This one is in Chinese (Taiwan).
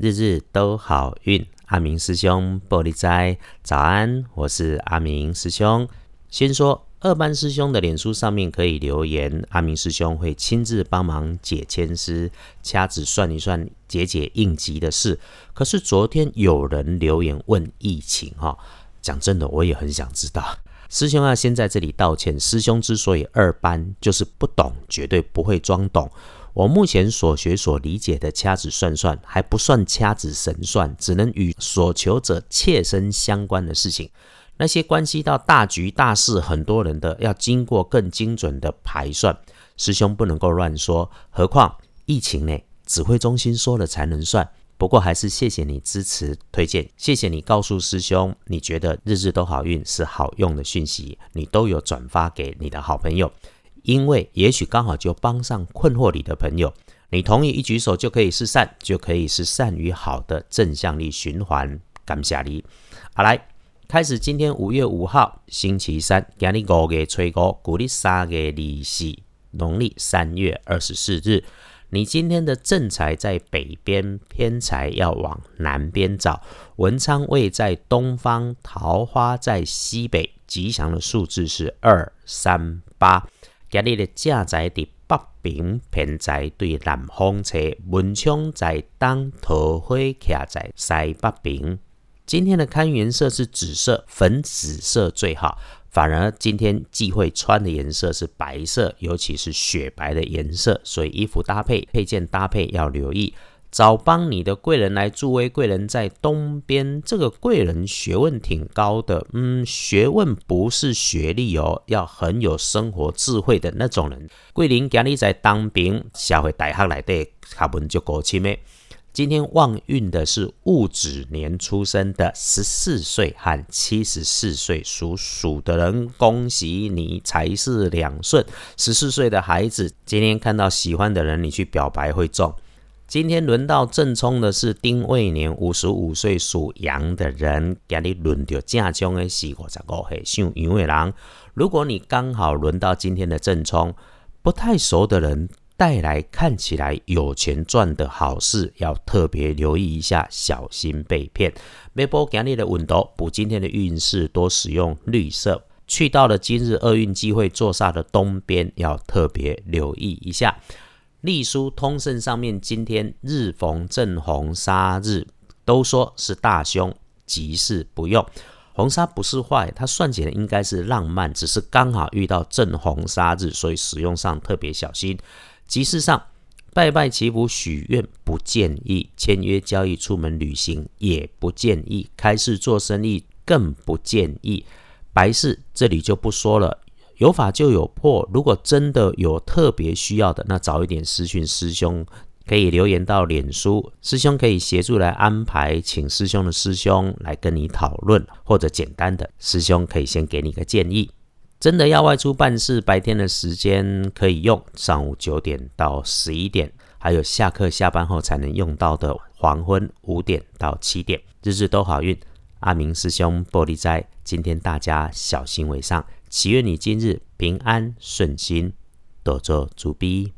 日日都好運，阿明師兄報你知。早安，我是阿明師兄。先說二班師兄的臉書上面可以留言，阿明師兄會親自幫忙解籤詩，掐指算一算，解解應急的事。可是昨天有人留言問疫情哈，講真的我也很想知道。師兄要、啊、先在這裡道歉，師兄之所以二班就是不懂，絕對不會裝懂。我目前所學所理解的掐指算算還不算掐指神算，只能與所求者切身相關的事情。那些關係到大局大事，很多人的，要經過更精準的排算。師兄不能夠亂說，何況疫情呢？指揮中心說了才能算。不過還是謝謝你支持推薦，謝謝你告訴師兄，你覺得日日都好運是好用的訊息，你都有轉發給你的好朋友。因為也許剛好就幫上困惑你的朋友，你同意一舉手就可以是善，就可以是善與好的正向力循環。感謝你，好來開始今天5月5號星期三。今天五月五號星期三，今年五月初五，古曆三月二十四農曆三月二十四24日。你今天的正財在北邊，偏財要往南邊找。文昌位在東方，桃花在西北。吉祥的數字是二三八。今日嘞，正在佇北平，偏在對南方吹，文昌在東桃花，徛在西北平。今天的看顏色是紫色、粉紫色最好，反而今天忌諱穿的顏色是白色，尤其是雪白的顏色，所以衣服搭配、配件搭配要留意。找幫你的貴人來助威，貴人在東邊。這個貴人學問挺高的，嗯，學問不是學歷哦，要很有生活智慧的那種人。貴人給你在當兵，社會大學內底學問就高深的。沒今天旺運的是戊子年出生的十四歲和七十四歲屬鼠的人，恭喜你，財勢兩順。十四歲的孩子今天看到喜歡的人，你去表白會中。今天輪到正沖的是丁未年五十五歲屬羊的人，今天輪到正沖的是五十五歲屬羊的人。如果你剛好輪到今天的正沖，不太熟的人帶來看起來有錢賺的好事，要特別留意一下，小心被騙。微波今日的溫度，補今天的運勢，多使用綠色。去到了今日厄運機會坐煞的東邊，要特別留意一下。《曆書通勝》上面，今天日逢正紅砂日，都說是大凶，吉事不用。紅砂不是壞，它算起來應該是浪漫，只是剛好遇到正紅砂日，所以使用上特別小心。吉事上，拜拜祈福、許願不建議；簽約交易、出門旅行也不建議；開市做生意更不建議。白事這裡就不說了。有法就有破，如果真的有特別需要的，那早一點私訊師兄，可以留言到臉書，師兄可以協助來安排，請師兄的師兄來跟你討論，或者簡單的，師兄可以先給你個建議。真的要外出辦事，白天的時間可以用，上午九點到十一點，還有下課下班後才能用到的黃昏五點到七點，日日都好運。阿明師兄，玻璃齋，今天大家小心為上，祈願你今日平安順心，多做主逼。